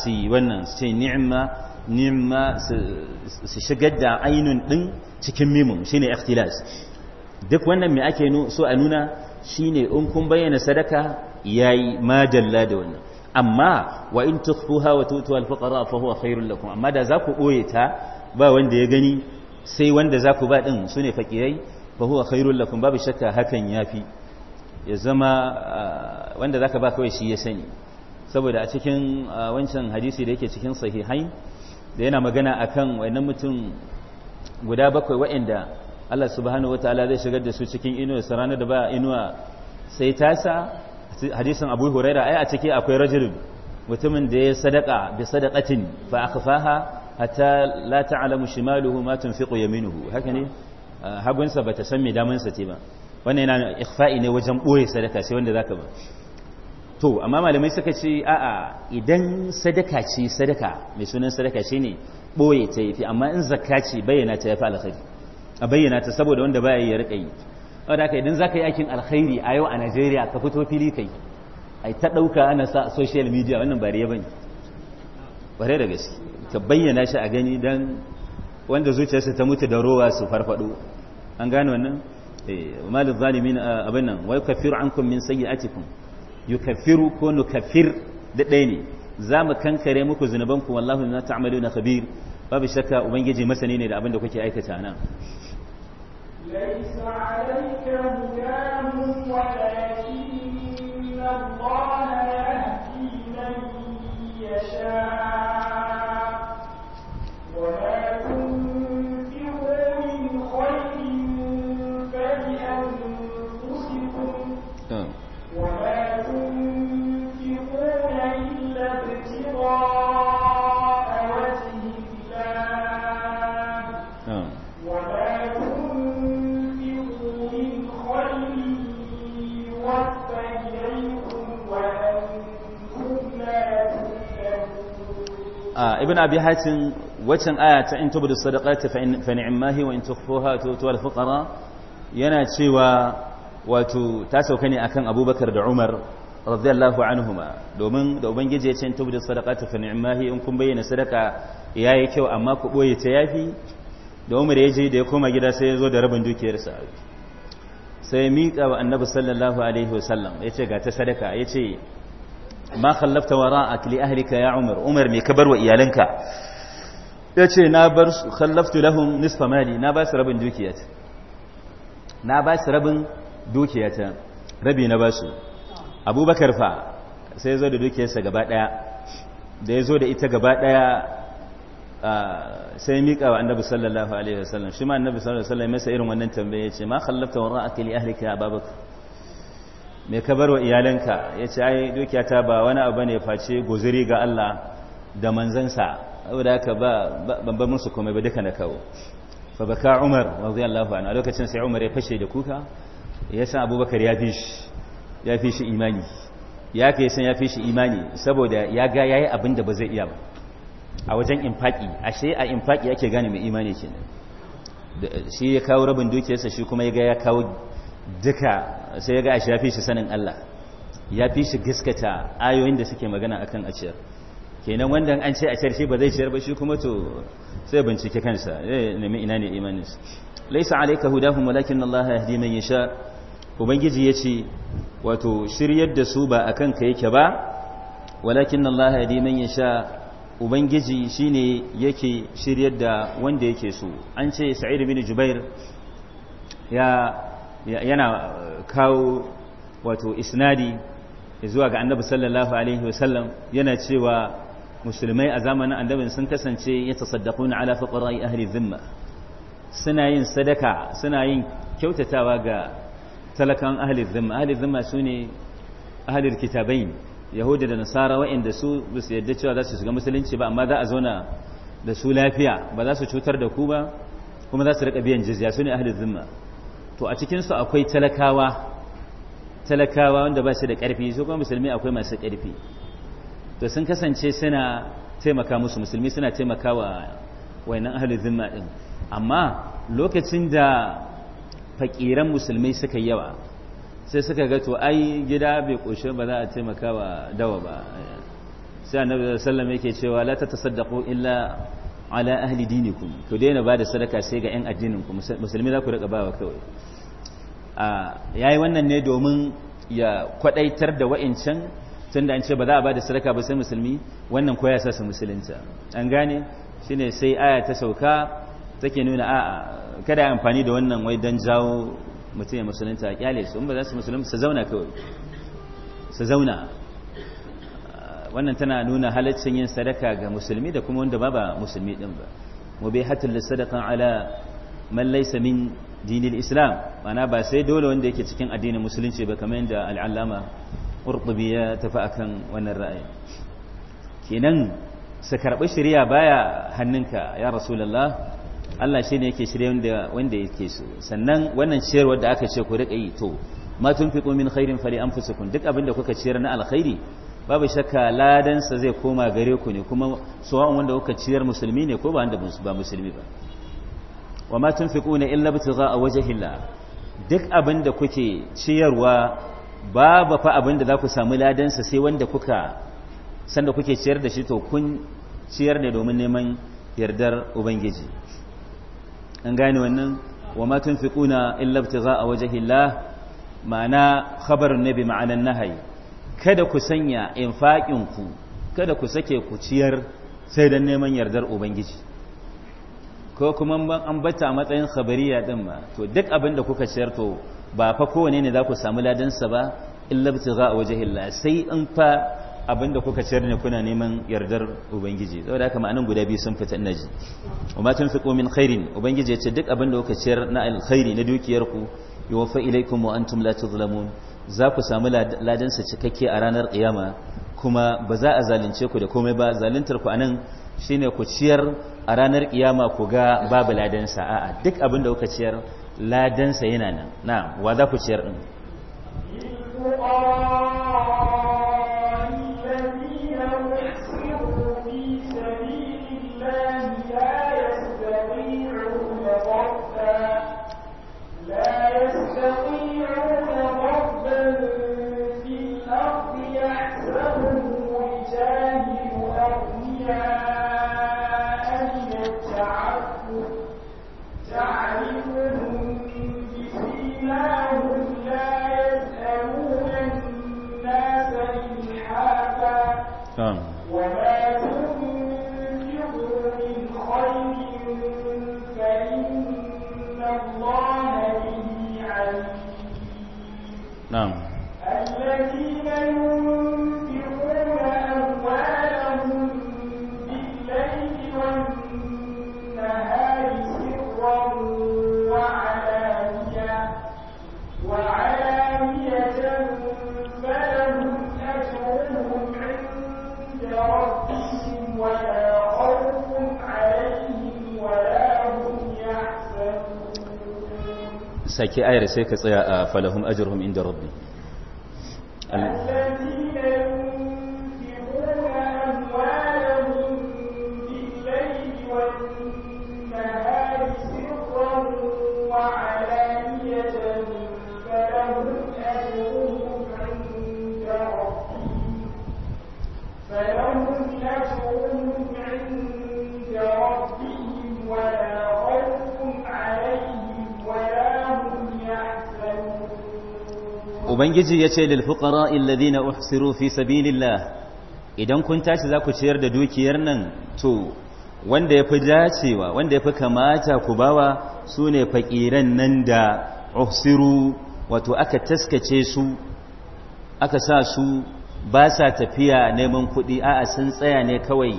si wannan su ce ni'imma ni'imma su shigar da ainun din cikin mimun shine ikhtilas duk wannan me ake so a nuna shine in kun bayyana sadaka yayi madalla da wannan amma wa in tukhfuha wa tu'tu al-fuqara fa huwa khairul lakum amma da za ku boye ta ba wanda ya gani sai wanda za ku ba din sune fakirai fa huwa khairul lakum babu shakka hakan yafi ya zama ah, wanda zaka ba kawai shi ya sani saboda a cikin ah, wancan hadisi da yake cikin sahihai da yana magana akan na mutum guda bakwai wa'anda Allah subhanahu wataala zai shigar da su cikin inuwa ranar da ba inuwa sai tasa hadisin abu huraira ai a ciki akwai rajulun mutumin da ya sadaka bi sadaqatin fa akhfaha hatta la ta'lamu shimaluhu ma tunfiqu yaminuhu haka ne hagunsa bata san me daman sa ce ba wannan yana ikhfa'i ne wajen boye sadaka sai wanda zaka ba to amma malamai suka ce a'a idan sadaka ce sadaka mai sunan sadaka shine boye ta yafi amma in zakka ce bayyana ta yafi alkhairi a bayyana ta saboda wanda baya yi ya rika yi saboda haka idan ka yi aikin alkhairi a yau a Najeriya ka fito fili kai a ta dauka ana sa social media wannan ba ya bane bare da gaske ka bayyana shi a gani dan wanda zuciyarsa ta mutu da rowa su farfado an gane wannan eh, malin zalimin abin nan kafiru an kun min yi kafiru ko nukafir da ɗaya ne za mu kankare muku zunubanku wallahu na na khabir babu shakka ubangiji masani ne da abin da kuke aikata nan ليس عليك هداهم ولكن الله يهدي من يشاء ibn abi hatim waccan aya ta in tubudu sadaqati fa ni'mahi wa in tukhfuha tu'tu fuqara yana cewa wato ta sauka ne akan abubakar da umar radiyallahu anhuma domin da ubangiji ya ce in tubudu sadaqati fa ni'mahi in kun bayyana sadaka yayi kyau amma ku boye ta yafi da umar ya je da ya koma gida sai ya zo da rabin dukiyarsa sai miƙa wa annabi sallallahu alaihi wasallam ya ce ga ta sadaka ya ce ma khallafta wara'ak li ahlika ya umar umar me ka bar wa iyalanka yace na bar su khallaftu lahum nisfa mali na ba su rabin dukiyata na ba su rabin dukiyata rabi na ba su abubakar fa sai zo da dukiyarsa gaba daya da ya zo da ita gaba daya sai miƙa wa annabi sallallahu alaihi wasallam shi ma annabi sallallahu alaihi wasallam masa irin wannan tambaye ya ce ma khallafta wara'ak li ahlika ya ababakar Mai ka barwa iyalanka ya ce ai dukiyata ba wani abu ne face guziri ga Allah da manzansa saboda ka ba ban musu komai ba duka na kawo fa baka Umar radiyallahu anhu a lokacin sai Umar ya fashe da kuka ya san Abubakar ya fi shi ya fi imani ya kai san ya fi shi imani saboda ya ga yayi abin da ba zai iya ba a wajen infaki ashe a infaki yake gane mai imani kenan shi ya kawo rabin dukiyarsa shi kuma ya ga ya kawo duka sai ya ga ya fi shi sanin Allah ya fi shi gaskata ayoyin da suke magana a kan aciyar kenan wanda an ce aciyar shi ba zai ciyar ba shi kuma to sai bincike kansa zai nemi ina ne imanin shi laisa alayka hudahum walakin Allah yahdi man yasha ubangiji yace wato shiryar da su ba akan ka yake ba walakin Allah yahdi man yasha ubangiji shine yake shiryar da wanda yake so an ce sa'id bin jubair ya yana kawo wato isnadi zuwa ga annabi sallallahu alaihi wasallam yana cewa musulmai a zamanin annabin sun kasance ya tasaddaquna ala fuqara'i ahli dhimma suna yin sadaka suna yin kyautatawa ga talakan ahli dhimma ahli dhimma sune ahli kitabain yahuda da nasara waɗanda su ba su yadda cewa za su shiga musulunci ba amma za a zauna da su lafiya ba za su cutar da ku ba kuma za su riƙa biyan jizya su ne ahli zimma to a cikinsu akwai talakawa talakawa wanda ba shi da ƙarfi su kuma musulmi akwai masu ƙarfi to sun kasance suna taimaka musu musulmi suna taimaka wa wainan ahalin zimma ɗin amma lokacin da fakiran musulmi suka yawa sai suka ga to ai gida bai ƙoshe ba za a taimaka wa dawa ba sai annabi sallam yake cewa la ta illa ala ahli dinikum ku daina ba da sadaka sai ga yan addinin ku musulmi za ku riƙa bawa kawai ya yi wannan ne domin ya kwadaitar da wa'incan tun da an ce ba za a ba da sadaka ba sai musulmi wannan koya sa su musulunta an gane shi ne sai aya ta sauka take nuna a'a kada amfani da wannan wai don jawo mutum ya musulunta a kyale su ba za su musulunta su zauna kawai su zauna wannan tana nuna halaccin yin sadaka ga musulmi da kuma wanda ba ba musulmi din ba mubihatul sadaka ala man laysa min dinin islam mana ba sai dole wanda yake cikin addinin musulunci ba kamar yadda al'allama urtubi ya tafi akan wannan ra'ayi kenan su karɓi shirya baya hannunka ya rasulallah Allah shine yake shirya wanda wanda yake so sannan wannan ciyarwar da aka ce ku rika yi to ma tunfiqu min khairin fali anfusukum duk abin da kuka ciyar na alkhairi babu shakka ladan sa zai koma gare ku ne kuma suwan wanda kuka ciyar musulmi ne ko ba wanda ba musulmi ba wa ma tunfiquna illa a wajhillah duk abinda kuke ciyarwa babu fa abinda zaku za ku samu ladansa sai wanda kuka sanda kuke ciyar da shi to kun ciyar ne domin neman yardar ubangiji an gane wannan wa ma tunfiquna illa a wajhillah ma'ana khabarun nabi ma'anan nahayi kada ku sanya infaqin ku kada ku sake ku ciyar sai dan neman yardar ubangiji ko kuma an bata matsayin khabariya din ma to duk abin da kuka ciyar to ba fa kowane ne za ku samu ladansa ba illa btigha wajhillah sai in fa abin da kuka ciyar ne kuna neman yardar ubangiji saboda haka ma'anan guda biyu sun fita ina ji amma tunfiqu min khairin ubangiji ya ce duk abin da kuka ciyar na alkhairi na dukiyar ku yuwaffa ilaykum wa antum la tuzlamun za ku samu ladansa cikakke a ranar kiyama kuma ba za a zalunce ku da komai ba zaluntar ku anan shine ku ciyar a ranar kiyama ku ga babu ladansa a'a duk abin da kuka ciyar ladansa yana nan na wa za ku ciyar din Amen. Um, saki ayar sai ka tsaya a falahum ajruhum inda rabbi ubangiji ya ce lil fuqara alladhina uhsiru fi sabilillah idan kun tashi za ku ciyar da dukiyar nan to wanda ya fi dacewa wanda ya fi kamata ku bawa su ne faƙiran nan da uhsiru wato aka taskace su aka sa su ba sa tafiya neman kuɗi a'a sun tsaya ne kawai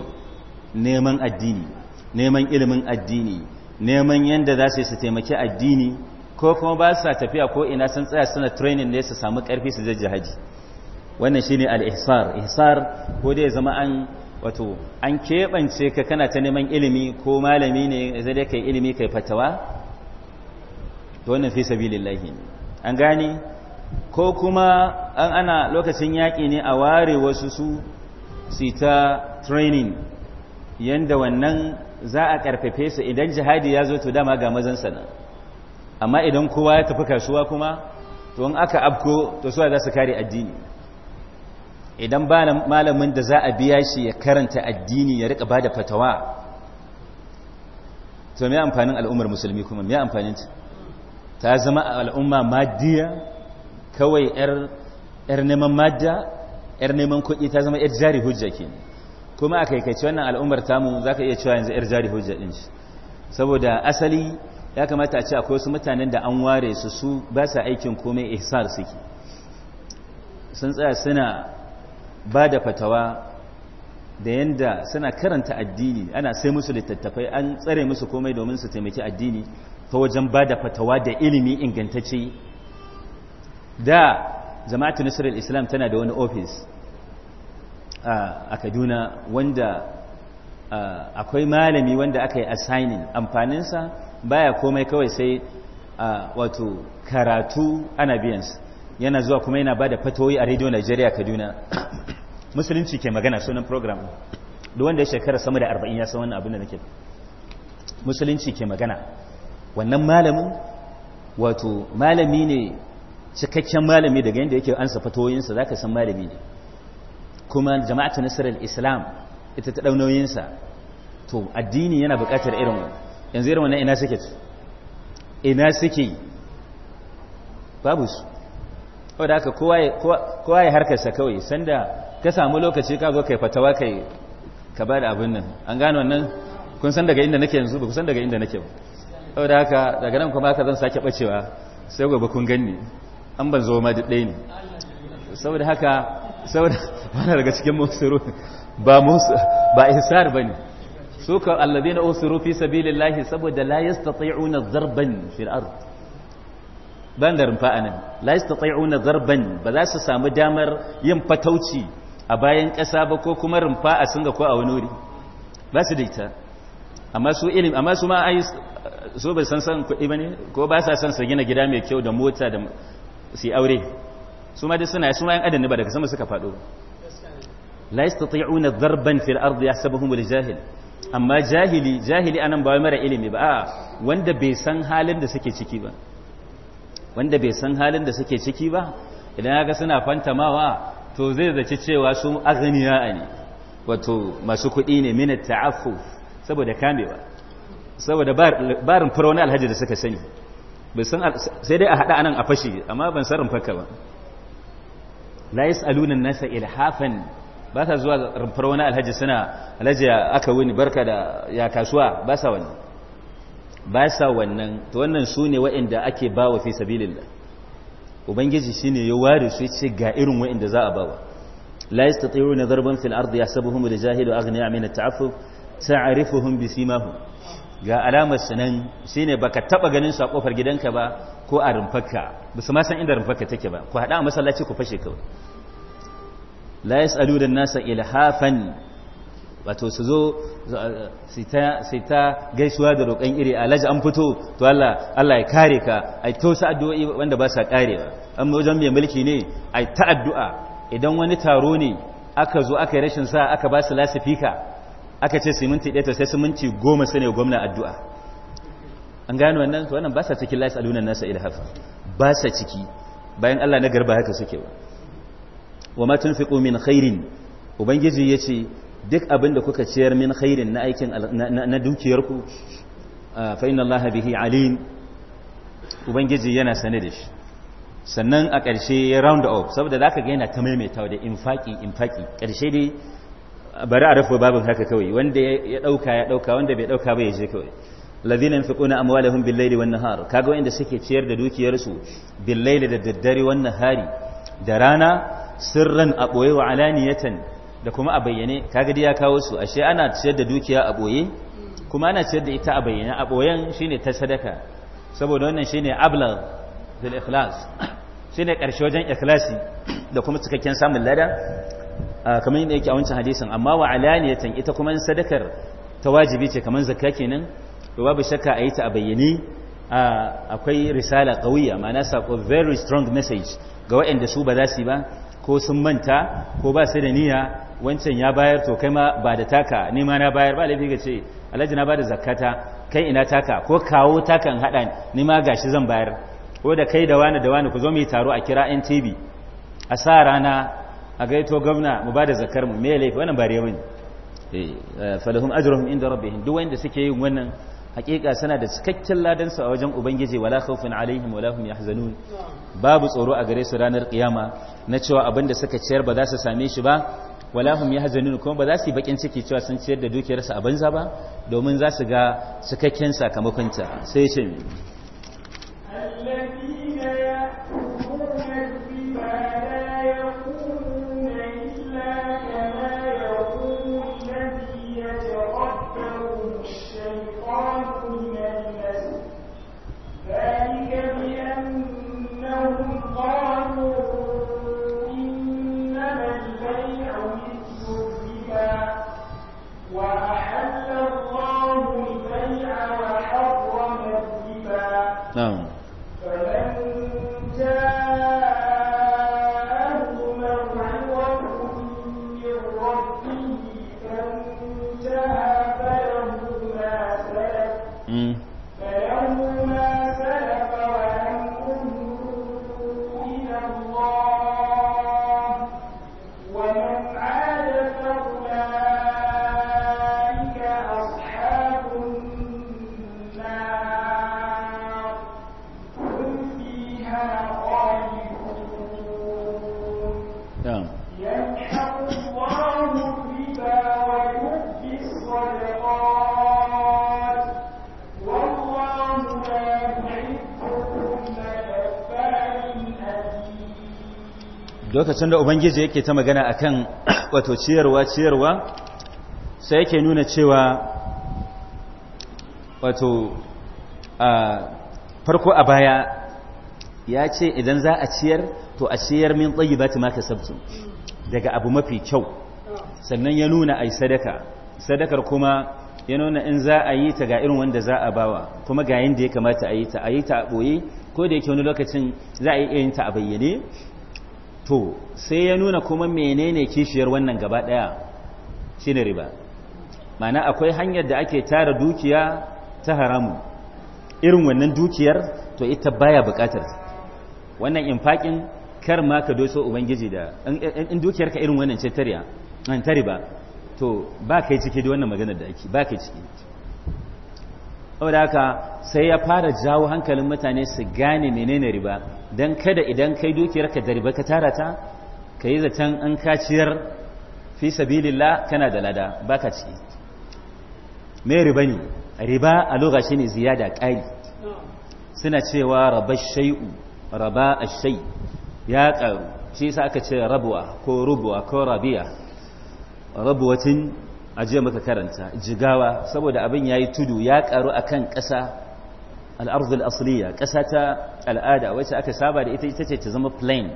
neman addini neman ilimin addini neman yadda za su yi su taimaki addini ko kuma ba su tafiya ko ina sun tsaya suna training ne su samu karfi su zai jihadi wannan shine al-ihsar ihsar ko dai zama an wato an keɓance ka kana ta neman ilimi ko malami ne zai dai kai ilimi kai fatawa to wannan fi sabilillahi ne an gane ko kuma an ana lokacin yaƙi ne a ware wasu su sita training yanda wannan za a ƙarfafe su idan jihadi ya zo to dama ga mazan na. amma idan kowa ya tafi kasuwa kuma to in aka abko to suwa za su kare addini idan ba malamin da za a biya shi ya karanta addini ya rika bada fatawa to me amfanin al'ummar musulmi kuma me amfanin ta ta zama al'umma madiya kawai yar yar neman madda yar neman kuɗi ta zama yar jari hujja kenan kuma a kaikaici wannan al'ummar tamu za ka iya cewa yanzu yar jari hujja ɗin shi saboda asali ya kamata a ce akwai wasu mutanen da an ware su su ba sa aikin komai ihsar suke sun tsaya suna ba da fatawa da yanda suna karanta addini ana sai musu littattafai an tsare musu komai domin su taimaki addini ta wajen ba da fatawa da ilimi ingantacce da jama'atu nasarar islam tana da wani ofis a kaduna wanda akwai malami wanda aka yi assigning amfaninsa baya komai kawai sai wato karatu ana biyansa yana zuwa kuma yana ba da fatoyi a radio nigeria kaduna musulunci ke magana sunan program duk wanda ya shekara sama da arba'in ya san wannan abin da nake musulunci ke magana wannan malamin wato malami ne cikakken malami daga yadda yake ansa fatoyinsa za ka san malami ne kuma jama'atu nasarar islam ita ta ɗaunoyinsa to addini yana buƙatar irin wani yanzu irin wannan ina suke ina suke babu su wadda aka kowa ya harkarsa kawai sanda ka samu lokaci ka zo yi fatawa kai ka ba da abin nan an gano wannan kun san daga inda nake yanzu ba kun san daga inda nake ba wadda haka daga nan kuma aka zan sake bacewa sai gobe kun ganni an ban zo ma duk ɗaya ne saboda haka saboda wani daga cikin musulun ba musu ba ihsar ba ne su ka alladina usiru fi sabilillahi saboda la yastati'una zarban fil ard ban da rumfa anan la yastati'una zarban ba za su samu damar yin fatauci a bayan ƙasa ba ko kuma rumfa a singa ko a wani wuri ba su da ita amma su ilimi amma su ma ai so bai san san kuɗi bane ko ba sa san su gina gida mai kyau da mota da su aure su ma da suna su ma yan adam ne ba daga sama suka faɗo la yastati'una zarban fil ardi yahsabuhum al jahil amma jahili jahili anan ba mara ilimi ba a wanda bai san halin da suke ciki ba wanda bai san halin da suke ciki ba idan ga suna fantamawa to zai zaci cewa su aghniya ne wato masu kuɗi ne min ta'affuf saboda kamewa saboda barin furo wani alhaji da suka sani bai san sai dai a hada anan a fashi amma ban sarin faka ba la yas'aluna an-nasa ilhafan ba sa zuwa rumfar wani alhaji suna alhaji aka wuni barka da ya kasuwa ba sa wannan ba sa wannan to wannan su ne waɗanda ake ba wa fi sabilillah ubangiji shi ne ya ware su ce ga irin wainda za a ba wa la yastati'una darban fil ardi yahsabuhum al-jahilu aghniya min at-ta'affuf ta'rifuhum bi simahum ga alamar sanan shine baka taɓa ganin su a kofar gidanka ba ko a rumfarka ba su ma san inda rumfarka take ba ku haɗa a masallaci ku fashe kawai la yas'alu da nasa ilhafan wato su zo su ta gaisuwa da roƙon iri alhaji an fito to Allah Allah ya kare ka ai to sa addu'o'i wanda ba sa karewa amma wajen mai mulki ne ai ta addu'a idan wani taro ne aka zo aka yi rashin sa aka ba su lasifika aka ce su minti ɗaya ta sai su minti goma su ne gwamna addu'a an gano wannan to wannan ba sa cikin lasalunan nasa ilhafa ba sa ciki bayan Allah na garba haka suke ba wa ma tunfiqu min khairin ubangiji ya ce duk abinda kuka ciyar min khairin na aikin na dukiyarku fa allaha bihi alim ubangiji yana sane da shi sannan a ƙarshe ya round up saboda za ka yana ta maimaita da infaki infaki ƙarshe dai bari a rufe babin haka kawai wanda ya ɗauka ya ɗauka wanda bai ɗauka ba ya je kawai ladina yunfiquna amwalahum bil-laili wannan nahar kaga wanda suke ciyar da dukiyarsu bil da daddare wannan hari da rana sirran a ɓoye wa alaniyatan da kuma a bayyane kaga ya kawo su ashe ana ciyar da dukiya a ɓoye kuma ana ciyar da ita a bayyane a ɓoyen shine ta sadaka saboda wannan shine ablar bil ikhlas shine karshe wajen ikhlasi da kuma cikakken samun lada kamar yadda yake a wancan hadisin amma wa alaniyatan ita kuma sadakar ta wajibi ce kamar zakka kenan to babu shakka a yi ta a bayyane akwai risala qawiya ma'ana sako very strong message ga waɗanda su ba za su yi ba ko sun manta ko ba su da niyya wancan ya bayar to kai ma ba da taka ni ma na bayar ba laifi ga ce alhaji na bada zakata kai ina taka ko kawo takan hada ni ma gashi zan bayar ko da kai da wani da wani ku zo mu yi taro a kira NTV a sa rana a gaito gwamna mu bada zakar mu me laifi wannan ba rewa eh, eh falahum ajruhum inda rabbihim duk wanda suke yin wannan hakika suna da cikakken ladan a wajen ubangiji wala khawfun alaihim wala hum yahzanun babu tsoro a gare su ranar kiyama na cewa abinda suka ciyar ba za su same shi ba wala hum yahzanun kuma ba za su yi bakin ciki cewa sun ciyar da dukiyar su a banza ba domin za su ga cikakken sakamakon ta sai ce lokacin da ubangiji yake ta magana akan wato ciyarwa ciyarwa sai yake nuna cewa wato a farko a baya ya ce idan za a ciyar to a ciyar min ta ma sabtu daga abu mafi kyau sannan ya nuna a yi sadaka sadakar kuma ya nuna in za a yi ta ga irin wanda za a bawa kuma ga yanda ya kamata a yi ta a yi ta a ɓoye ko da yake wani lokacin za a yi ta a bayyane to sai ya nuna kuma menene kishiyar wannan gaba daya shine riba mana akwai hanyar da ake tara dukiya ta haramu irin wannan dukiyar to ita baya bukatar wannan infakin kar ma ka doso ubangiji da in dukiyar ka irin wannan ce tariya an tariba ba to ba kai ciki da wannan maganar da ake ba kai ciki saboda haka sai ya fara jawo hankalin mutane su gane menene riba don kada idan kai dukiyarka da riba ka tara ta ka yi zaton an kaciyar fi sabilillah kana da lada ba ka ciki me riba ne riba a lokaci ne ziyada ƙari suna cewa raba shai'u raba a shai ya ƙaru shi sa aka ce rabuwa ko rubuwa ko rabiya rabuwatin a je muka karanta jigawa saboda abin yayi tudu ya karu akan ƙasa al-ardh asliya ƙasa ta al'ada wacce aka saba da ita ita ce ta zama plain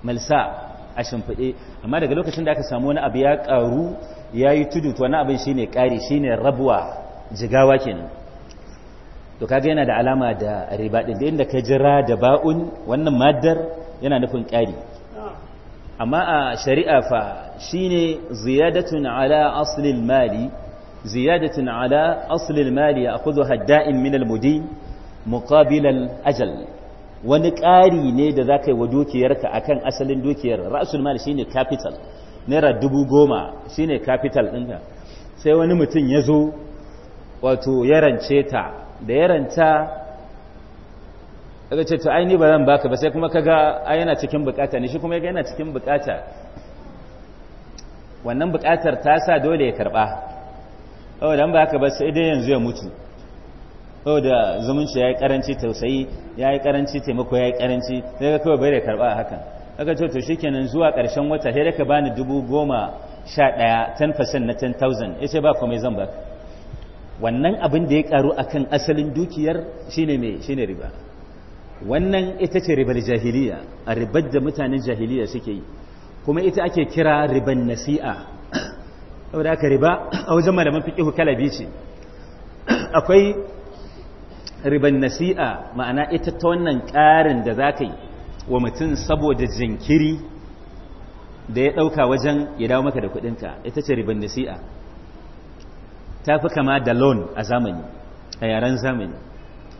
malsa a shimfiɗe amma daga lokacin da aka samu wani abu ya karu yayi tudu to wani abin shine ƙari shine rabuwa jigawa kenan to kaga yana da alama da riba din da inda ka jira da ba'un wannan maddar yana nufin ƙari amma a shari'a fa shine ziyadatun ala aslil mali ziyadatun ala aslil mali ya akuzo hadda'in minal mudi muqabilal ajal wani ƙari ne da za ka yi wa dukiyarka a kan asalin dukiyar ra'asul mali shine capital naira dubu goma shine capital ɗinka sai wani mutum ya zo wato yarance ta da yaranta daga ce to aini ba zan baka ba sai kuma kaga ai yana cikin bukata ne shi kuma yana cikin bukata wannan bukatar ta sa dole ya karba saboda an baka ba sai dai yanzu ya mutu da zumunci yayi karanci tausayi yayi karanci taimako yayi karanci sai ka kawai bai da karba hakan kaga ce to shikenan zuwa karshen wata sai ka bani dubu goma sha ɗaya 10% na 10,000 ya ce ba komai zan baka wannan abin da ya karu akan asalin dukiyar shine mai shine riba wannan ita ce ribar jahiliya a ribar da mutanen jahiliya suke yi kuma ita ake kira ribar nasi'a saboda aka riba a wajen malaman fiqihu kalabi ce akwai ribar nasi'a ma'ana ita ta wannan ƙarin da za ka yi wa mutum saboda jinkiri da ya ɗauka wajen ya dawo maka da kuɗinka ita ce ribar nasi'a ta fi kama da loan a zamani a yaren zamani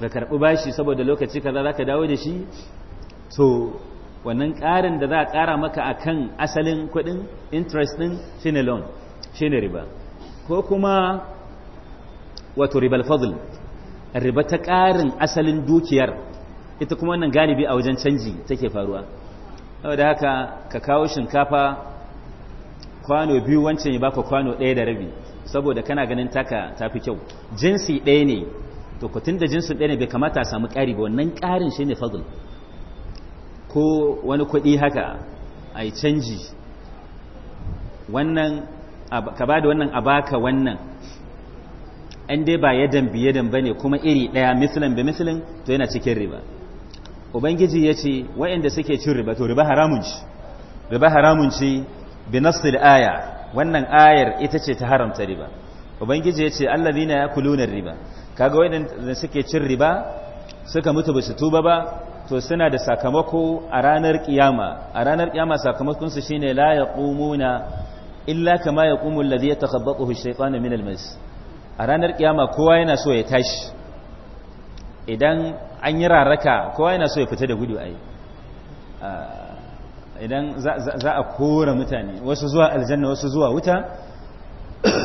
ka karɓi bashi saboda lokaci kaza za ka dawo da shi to wannan ƙarin da za a ƙara maka a kan asalin kuɗin interest ɗin shi ne loan shi riba ko kuma wato ribal fadl riba ta ƙarin asalin dukiyar ita kuma wannan galibi a wajen canji take faruwa saboda haka ka kawo shinkafa kwano biyu wancan ya baka kwano ɗaya da rabi saboda kana ganin taka tafi kyau jinsi ɗaya ne to da tunda jinsin ɗaya ne bai kamata a samu ƙari ba wannan ƙarin shine fadl ko wani kuɗi haka a yi canji wannan ka ba da wannan a baka wannan an dai ba yadan bi yadan bane kuma iri ɗaya mislin bi mislin to yana cikin riba ubangiji ya ce wa'inda suke cin riba to riba haramun ci riba haramun ci bi aya wannan ayar ita ce ta haramta riba ubangiji ya ce allazina kulunar riba kaga waɗanda suke cin riba suka mutu ba su tuba ba to suna da sakamako a ranar kiyama a ranar kiyama sakamakonsu shine la yaqumuna illa kama yaqumu alladhi yatakhabbathu ash-shaytanu min al-mas a ranar kiyama kowa yana so ya tashi idan an yi raraka kowa yana so ya fita da gudu ai idan za a kora mutane wasu zuwa aljanna wasu zuwa wuta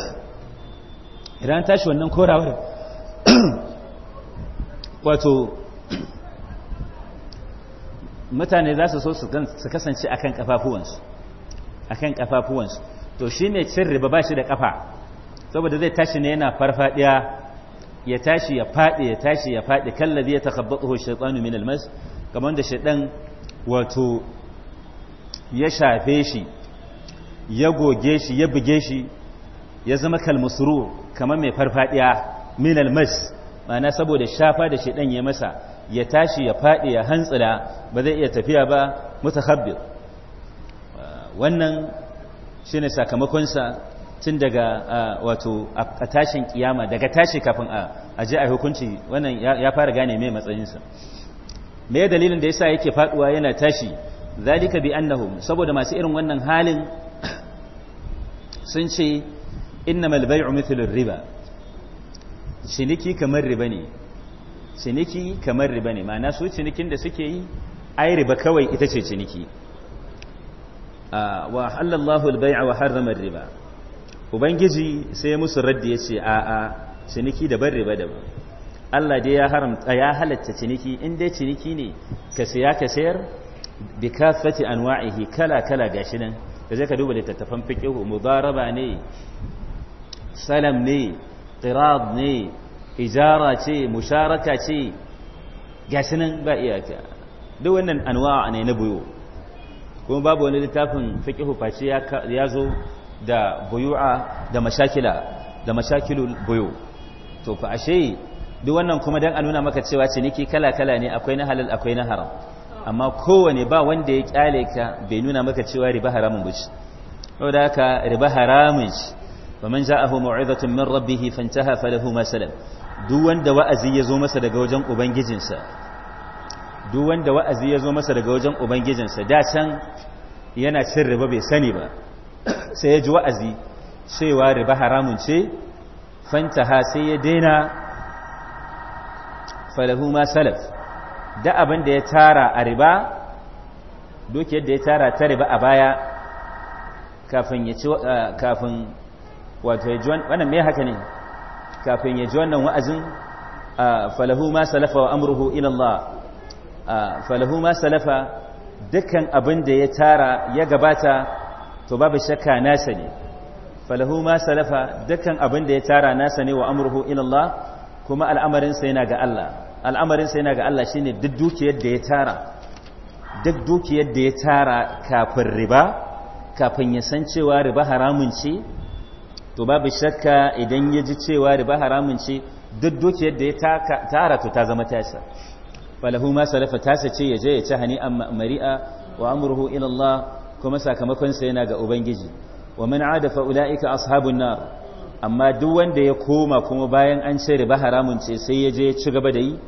idan tashi wannan korawar wato mutane za su so su kasance a akan kafafuwansu kan kafafuwansu to shi mai cin riba ba shi da kafa saboda zai tashi ne yana farfadiya ya tashi ya fadi ya tashi ya fadi kallabi ya takhabbatuhu shaytanu min almas kamar da shaydan wato ya shafe shi ya goge shi ya buge shi ya zama kalmusru kamar mai farfadiya min almas ma'ana saboda shafa da shedan ya masa ya tashi ya fadi ya hantsila ba zai iya tafiya ba mutakhabbir wannan shine sakamakon sa tun daga wato a tashin kiyama daga tashi kafin a je a hukunci wannan ya fara gane mai matsayin sa me dalilin da yasa yake faduwa yana tashi zalika bi annahum saboda masu irin wannan halin sun ce innamal bai'u mithlu riba ciniki kamar riba ne ciniki kamar riba ne ma'ana su cinikin da suke yi ai riba kawai ita ce ciniki wa halallahu al-bai'a wa harrama riba ubangiji sai musu raddi ya a a ciniki da riba daban Allah dai ya haramta ya halatta ciniki in dai ciniki ne ka siya ka sayar bi kafati anwa'ihi kala kala gashi nan da zai ka duba littattafan fiqhu mudaraba ne salam ne qirad ne ijara ce musharaka ce gashi nan ba iyaka duk wannan anwa'a ne na buyu kuma babu wani littafin fiqhu face ya zo da buyu'a da mashakila da mashakilul buyu to fa ashe duk wannan kuma dan a nuna maka cewa ciniki kala kala ne akwai na halal akwai na haram amma kowane ba wanda ya kyale ka bai nuna maka cewa riba haramun bace saboda haka riba haramun faman ja'ahu mau'izatun min rabbihi fantaha falahu ma salam duk wanda wa'azi ya zo masa daga wajen ubangijinsa duk wanda wa'azi ya zo masa daga wajen ubangijinsa da can yana cin riba bai sani ba sai ya ji wa'azi cewa riba haramun ce fantaha sai ya daina falahu ma salaf da abin ya tara a riba dukiyar da ya tara ta riba a baya kafin wato ya ji wannan me haka ne kafin ya ji wannan wa'azin falahu ma salafa wa amurhu ila Allah falahu ma salafa dukkan abin da ya tara ya gabata to babu shakka nasa ne falahu ma salafa dukkan abin da ya tara nasa ne wa amurhu ila kuma al'amarin sa yana ga Allah al'amarin sa yana ga Allah shine duk dukiyar da ya tara duk dukiyar da ya tara kafin riba kafin ya san cewa riba haramun ce to babu shakka idan ya ji cewa riba haramun ce duk dukiyar da ya tara to ta zama tasa falahu ma salafa tasa ce ya je ya ci hani amma mari'a wa amruhu ila Allah kuma sakamakon sa yana ga ubangiji wa man ada fa ulaika ashabun nar amma duk wanda ya koma kuma bayan an ce riba haramun ce sai ya je ci gaba da yi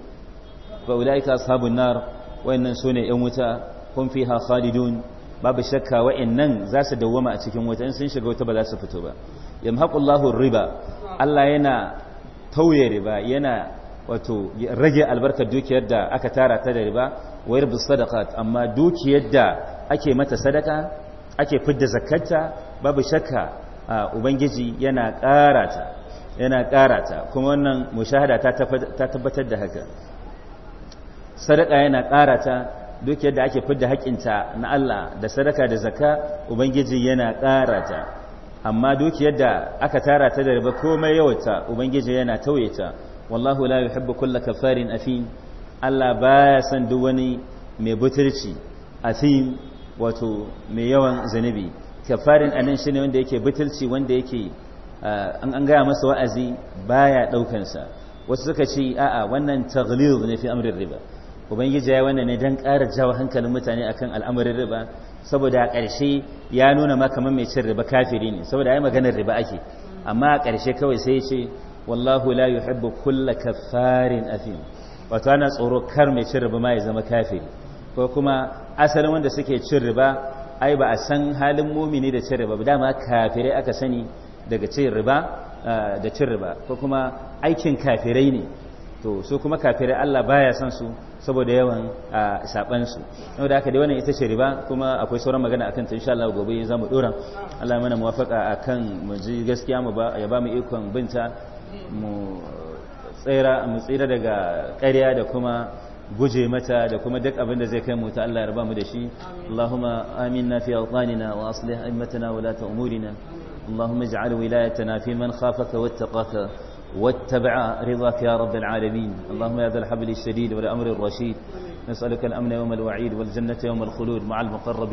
fa ulaika ashabun nar wayannan sune yan wuta hum fiha khalidun babu shakka wayannan za su dawwama a cikin wuta in sun shiga wuta ba za su fito ba yamhaqullahu riba Allah yana tauye riba yana wato rage albarkar dukiyar da aka tara ta da riba wayar yarbu sadaqat amma dukiyar da ake mata sadaka ake fidda zakarta babu shakka ubangiji yana karata yana karata kuma wannan mushahada ta tabbatar da haka sadaka yana karata dukiyar da ake fidda haƙinta na Allah da sadaka da zakka ubangiji yana karata amma dukiyar da aka tara ta da riba komai yawata ubangiji yana tauye ta wallahu la yuhibbu kulla kafarin afim Allah baya son duk wani mai butirci afim wato mai yawan zanibi kafarin anan shine wanda yake butirci wanda yake an an gaya masa wa'azi baya daukan sa wasu suka ce a'a wannan taghlib ne fi amrin riba ubangiji ya wannan ne dan ƙara jawo hankalin mutane akan al'amarin riba saboda a ƙarshe ya nuna maka man mai cin riba kafiri ne saboda yi maganar riba ake amma a ƙarshe kawai sai ce wallahu la yuhibbu kulla kaffarin athim wato ana tsoro kar mai cin riba ma ya zama kafiri ko kuma asalin wanda suke cin riba ai ba a san halin mumini da cin riba dama kafirai aka sani daga cin riba eh, da cin riba ko kuma aikin kafirai ne to su kuma kafirai Allah baya son su saboda yawan a su yau da aka dai wannan ita ce riba kuma akwai sauran magana akan ta insha Allah gobe za mu dora Allah mana muwafaka akan mu ji gaskiya mu ba ya ba mu ikon binta mu tsira mu tsira daga ƙarya da kuma guje mata da kuma duk abin da zai kai mu ta Allah ya rabamu da shi Allahumma na fi alqanina wa aslih aimatana wa la ta'murina Allahumma ij'al wilayatana fi man khafaka wattaqaka واتبع رضاك يا رب العالمين اللهم يا ذا الحبل الشديد والأمر الرشيد نسألك الأمن يوم الوعيد والجنة يوم الخلود مع المقربين